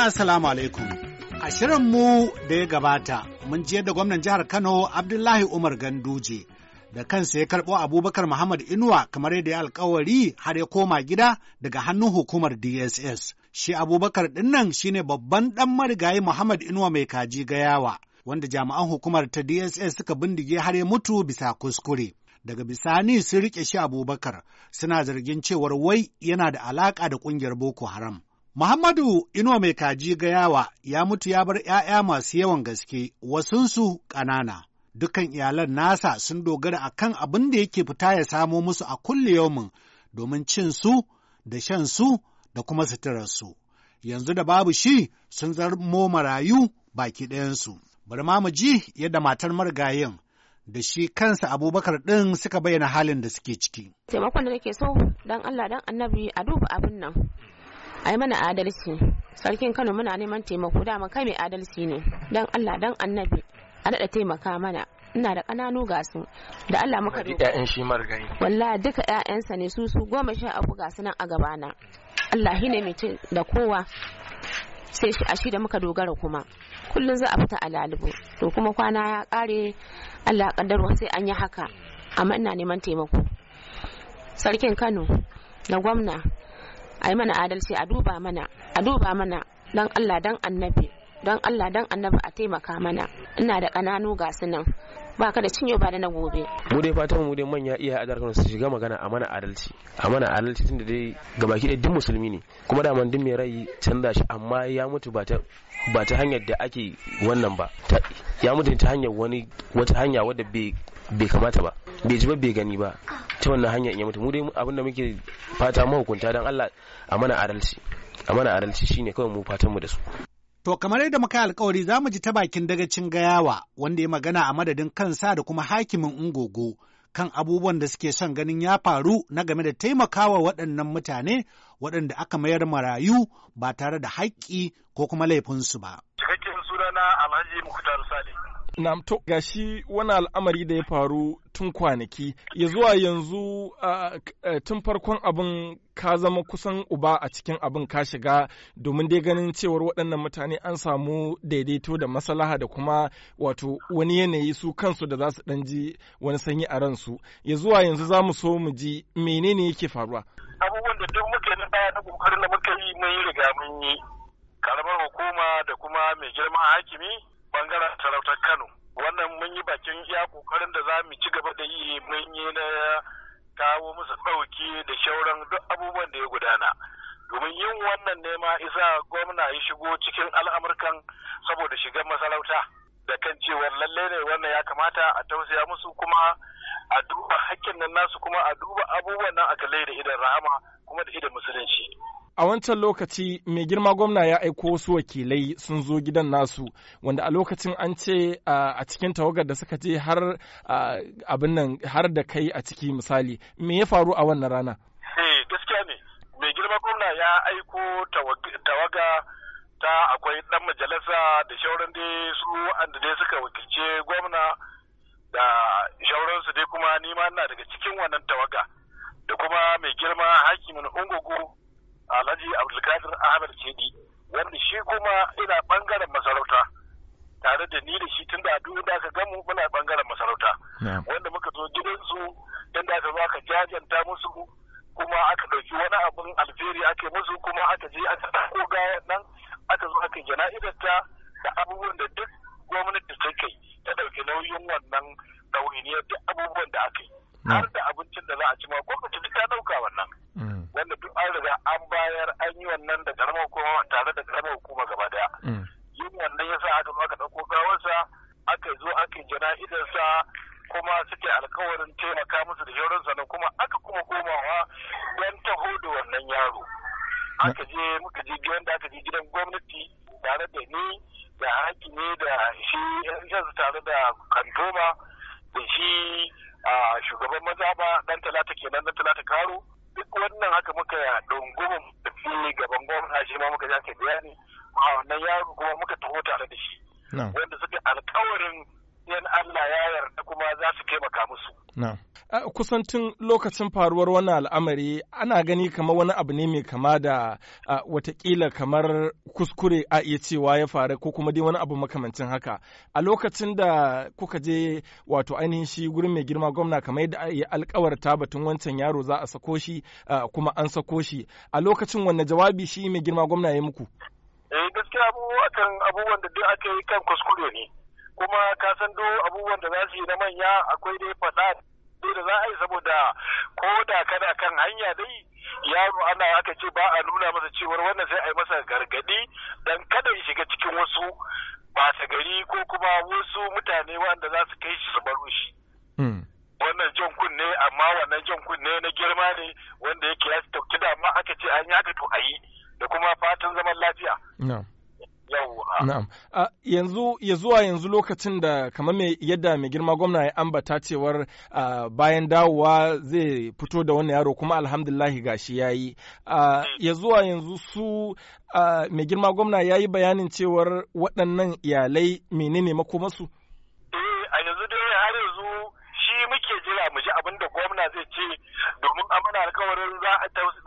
jama'a assalamu alaikum. A shirinmu da ya gabata, mun ji yadda gwamnan jihar Kano Abdullahi Umar Ganduje da kansa ya karɓo Abubakar Muhammad Inuwa kamar yadda ya alkawari har ya koma gida daga hannun hukumar DSS. Shi Abubakar ɗinnan shine babban ɗan marigayi Muhammad Inuwa mai kaji gayawa, wanda jami'an hukumar ta DSS suka bindige har ya mutu bisa kuskure. daga bisani sun riƙe shi abubakar suna zargin cewar wai yana da alaka da ƙungiyar boko haram Muhammadu Inuwa mai kaji gayawa ya mutu ya bar ‘ya'ya masu yawan gaske, wasunsu ƙanana. Dukan iyalan nasa sun dogara a kan abin da yake fita ya samo musu a kulle yaumin domin cin su da shan su da kuma suturarsu. Yanzu da babu shi sun zarmo marayu baki ɗayansu. Bari ma mu ji yadda matar marigayin da shi kansa abubakar ɗin suka bayyana halin da suke ciki. Taimakon da nake so, don Allah dan annabi a duba abin nan. ai mana adalci sarkin kano muna neman taimako dama kai mai adalci ne dan allah dan annabi a daɗa taimaka mana ina da ƙananu ga da Allah muka duka ƴaƴan shi margari wallahi duka 'ya'yansa ne su su goma sha uku ga su nan a gabana Allah ne mai ce da kowa sai shi a shi da muka dogara kuma kullum za a fita a lalubu to kuma kwana ya kare Allah ya sai an yi haka amma ina neman taimako sarkin Kano na gwamna a yi mana adalci a duba mana a duba mana don allah don annabi don allah don annabi a taimaka mana ina da kananu ga nan ba ka da cinye ba da na gobe mu dai fatan mu dai manya iya adar su shiga magana a mana adalci a mana adalci tunda dai gabaki ɗaya duk musulmi ne kuma da duk mai rai canza shi amma ya mutu ba ta hanyar da ake wannan ba ya mutu ta hanyar wani wata hanya wadda bai kamata ba bai ji ba bai gani ba ta wannan hanyar in ya mutu mu dai abin da muke fata mahukunta don Allah a mana adalci a mana adalci shine kawai mu fatan mu da su To kamar yadda muka alkawari za mu ji ta bakin dagacin gayawa wanda ya magana a madadin kansa da kuma hakimin ungogo kan abubuwan da suke son ganin ya faru na game da taimakawa waɗannan mutane waɗanda aka mayar marayu ba tare da haƙƙi ko kuma laifinsu ba. Cikakken sunana Alhaji Mukhtar Sale. Na to ga shi wani al'amari da ya faru tun kwanaki, ya zuwa yanzu tun farkon abin ka zama kusan uba a cikin abin ka shiga domin dai ganin cewar waɗannan mutane an samu daidaito da masalaha da kuma wato wani yanayi su kansu da za su ɗan ji wani sanyi a ransu. Ya zuwa yanzu za mu so mu ji menene yake faruwa. Abubuwan da duk muke na baya na ƙoƙarin da muka yi mun yi riga mun yi. Karamar hukuma da kuma mai girman hakimi bangaren sarautar Kano. Wannan mun yi bakin iya kokarin da za mu ci gaba da yi mun yi na kawo musu ɗauki da shauran duk abubuwan da ya gudana. Domin yin wannan nema isa gwamna ya shigo cikin al'amurkan saboda shigar masarauta da kan cewa lalle ne wannan ya kamata a tausaya musu kuma a duba hakkin nan nasu kuma a duba abubuwan nan a kalle da idan rahama kuma da idan musulunci. A wancan lokaci mai girma gwamna ya aiko wasu wakilai sun zo gidan nasu wanda a lokacin an ce a cikin tawagar da suka je har abin nan har da kai a ciki misali me ya faru a wannan rana? Eh gaskiya ne mai girma gwamna ya aiko tawaga ta akwai dan majalisa da shauran dai su wanda dai suka wakilce gwamna da shauransu dai kuma nima na daga cikin wannan tawaga. da kuma mai girma hakimin ungugu alhaji abdulkadir ahmed kedi wanda shi kuma ina bangaren masarauta tare da ni da shi tun da duk da aka gamu muna bangaren masarauta wanda muka zo gidansu da aka zo jajanta musu kuma aka ɗauki wani abun alferi ake musu kuma aka je aka ɗauko gayan nan aka zo aka jana'idarta da abubuwan da duk gwamnati ta kai ta ɗauki nauyin wannan ɗawainiyar da abubuwan da aka yi har da da za a ci ma gwamnati duk ta dauka wannan mm. wanda duk an riga an bayar an yi wannan da karamar hukuma tare da karamar hukuma gaba daya mm. yin wannan yasa aka aka dauko gawarsa aka zo aka sa kuma suke alkawarin taimaka musu da shauran sannan kuma aka kuma komawa don taho da wannan yaro mm. aka je muka je gidan da aka je gidan gwamnati tare da ni da hakimi da shi yan tare da kantoma da shi shugaban mazaba dan talata kenan dan talata karo duk wannan haka muka dungumin fili gaban gwamna shi ma muka jaka bayani a wannan yaro kuma muka taho tare da shi wanda suka alkawarin yan Allah ya yarda kuma za su taimaka musu kusan lokacin faruwar wannan al'amari ana gani kama wani abu ne mai kama da watakila kamar kuskure a iya cewa ya faru ko kuma dai wani abu makamancin haka a lokacin da kuka je wato ainihin shi gurin mai girma gwamna kamar yadda ya alkawarta batun wancan yaro za a sako shi kuma an sako shi a lokacin wanne jawabi shi mai girma gwamna ya muku eh gaskiya abubuwan da duk aka yi kan kuskure ne kuma ka san duk abubuwan da za su yi na manya akwai dai fada dai da za a yi saboda ko da kana kan hanya dai yaro ana aka ce ba a nuna masa cewar wannan sai a yi masa gargadi dan kada ya shiga cikin wasu bata gari ko kuma wasu mutane wanda za su kai shi su baro shi. Hmm. Wannan jan kunne amma wannan jan kunne na girma ne wanda yake ya dauki dama aka ce an yi haka to a yi da kuma fatan zaman lafiya. Na'am. yanzu ya zuwa yanzu lokacin da kamar mai yadda mai girma gwamna ya ambata cewar bayan dawowa zai fito da wannan yaro kuma alhamdulillahi gashi yayi. Uh, mm. ya zuwa yanzu su mai girma gwamna ya yi bayanin cewar waɗannan iyalai menene makomarsu? Eh, a yanzu dai har yanzu shi muke jira mu ji abin da gwamna zai ce domin amana alkawarin za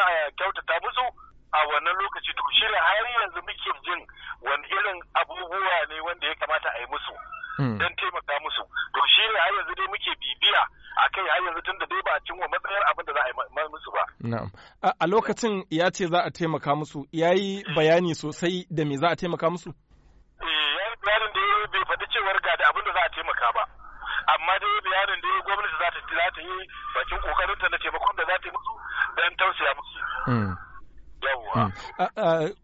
a kyautata musu. a wannan lokaci to shi ne har yanzu muke jin wani irin abubuwa ne wanda ya kamata a yi musu hmm. don taimaka musu to shi ne har yanzu dai muke bibiya a kai har yanzu tun da dai ba a cin wa matsayar abin da za a yi musu ba. A lokacin ya ce za a taimaka musu ya yi bayani sosai da me za a taimaka musu? Eh, bayanin da ya bai faɗi cewar ga da abin da za a taimaka ba. amma dai bayanin da gwamnati za ta yi bakin kokarinta na taimakon da za ta yi musu don tausaya musu. Hmm. Hmm.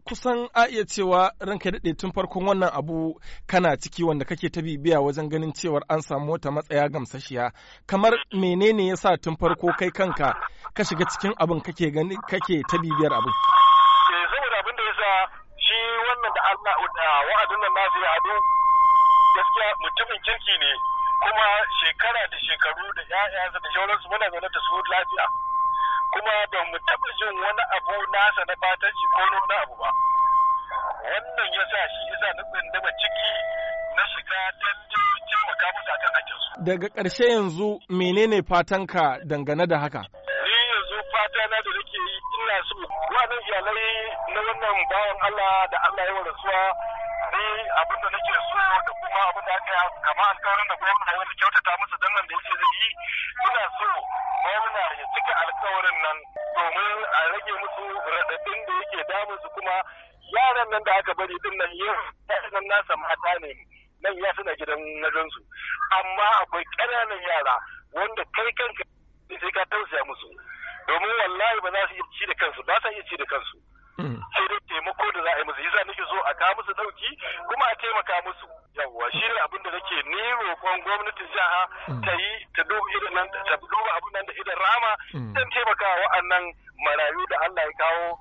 kusan a iya cewa ranka daɗe tun farkon wannan abu kana ciki wanda kake ta bibiya wajen ganin cewar an samu wata matsaya gamsashiya kamar menene ya sa tun farko kai kanka ka shiga cikin abin kake gani kake ta bibiyar abin eh, saboda abin da yasa shi wannan da Allah da wa'adin nan nasu ya hadu gaskiya mutumin kirki ne kuma shekara da shekaru da 'ya'yansa da shauransu muna zaune da su lafiya kuma ba mu taɓa jin wani abu nasa na shi ko wani abu ba wannan ya sa shi ya sa na tsindama ciki na shiga don taimaka a kan su. daga ƙarshe yanzu menene fatanka dangane da haka ni yanzu fatana da nake yi ina so wannan iyalai na wannan bawan Allah da Allah ya rasuwa ne abin da nake so da kuma abin da aka yi kama alkawarin da gwamna wani kyautata musu nan da yake zai yi ina so gwamna ya cika alkawarin nan domin a rage musu raɗaɗin da yake damun su kuma yaran nan da aka bari din nan yau nan nasa mata ne nan ya suna gidan gansu amma akwai ƙananan yara wanda kai kanka sai ka tausaya musu domin wallahi ba za su iya ci da kansu ba sa iya ci da kansu mm. sai dai taimaka musu dauki kuma a taimaka musu yawwa shi ne abin da nake ni roƙon gwamnatin jiha mm. ta yi ta duba irin nan ta duba abin nan da idan rama mm. don taimaka wa'annan marayu da Allah ya kawo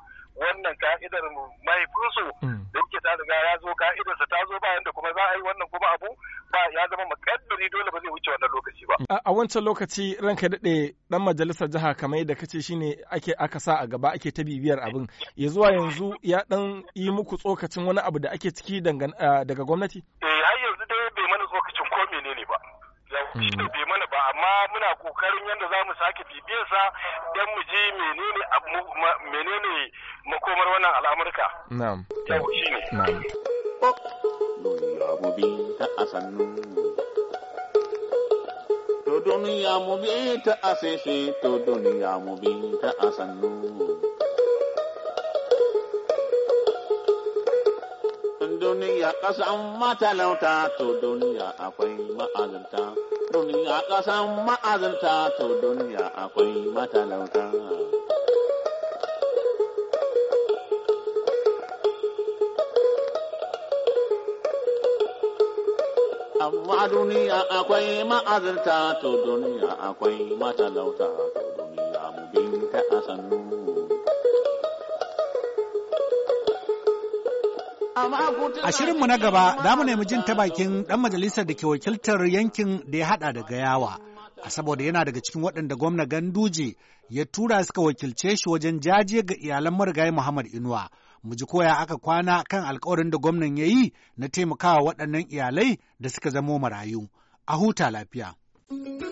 wannan ka'idar mahaifinsu mm. da yake ta riga ya zo ka'idarsa ta zo bayan da kuma za a yi wannan kuma abu ba ya zama makaddari dole ba zai wuce wannan lokaci ba. A wancan lokaci ranka daɗe ɗan majalisar jiha kamar yadda kace shine ake aka sa a gaba ake ta bibiyar abin ya zuwa yanzu ya ɗan yi muku tsokacin wani abu da ake ciki daga gwamnati? Eh har yanzu dai bai mana tsokacin ko menene ba. Mm. amma muna kokarin yadda za mu sake bibiyarsa don mu ji menene menene makomar wannan al'amurka. Na'am. Yau shi ne. Na'am. To duniya mu bi ta asese, to duniya mu bi ta asannu. duniya ƙasan matalauta to duniya akwai ma'azinta duniya ƙasan ma'azinta to duniya akwai matalauta amma duniya akwai ma'azinta to duniya akwai matalauta to duniya mu binta a sannu A shirinmu na gaba za mu nemi jin ta bakin ɗan majalisar da ke wakiltar yankin da ya haɗa da gayawa. A saboda yana daga cikin waɗanda gwamna Ganduje ya tura suka wakilce shi wajen jaje ga iyalan marigayi Muhammad Inuwa. Mu ji koya aka kwana kan alkawarin da gwamnan ya yi na taimakawa waɗannan iyalai da suka zamo marayu. A huta lafiya.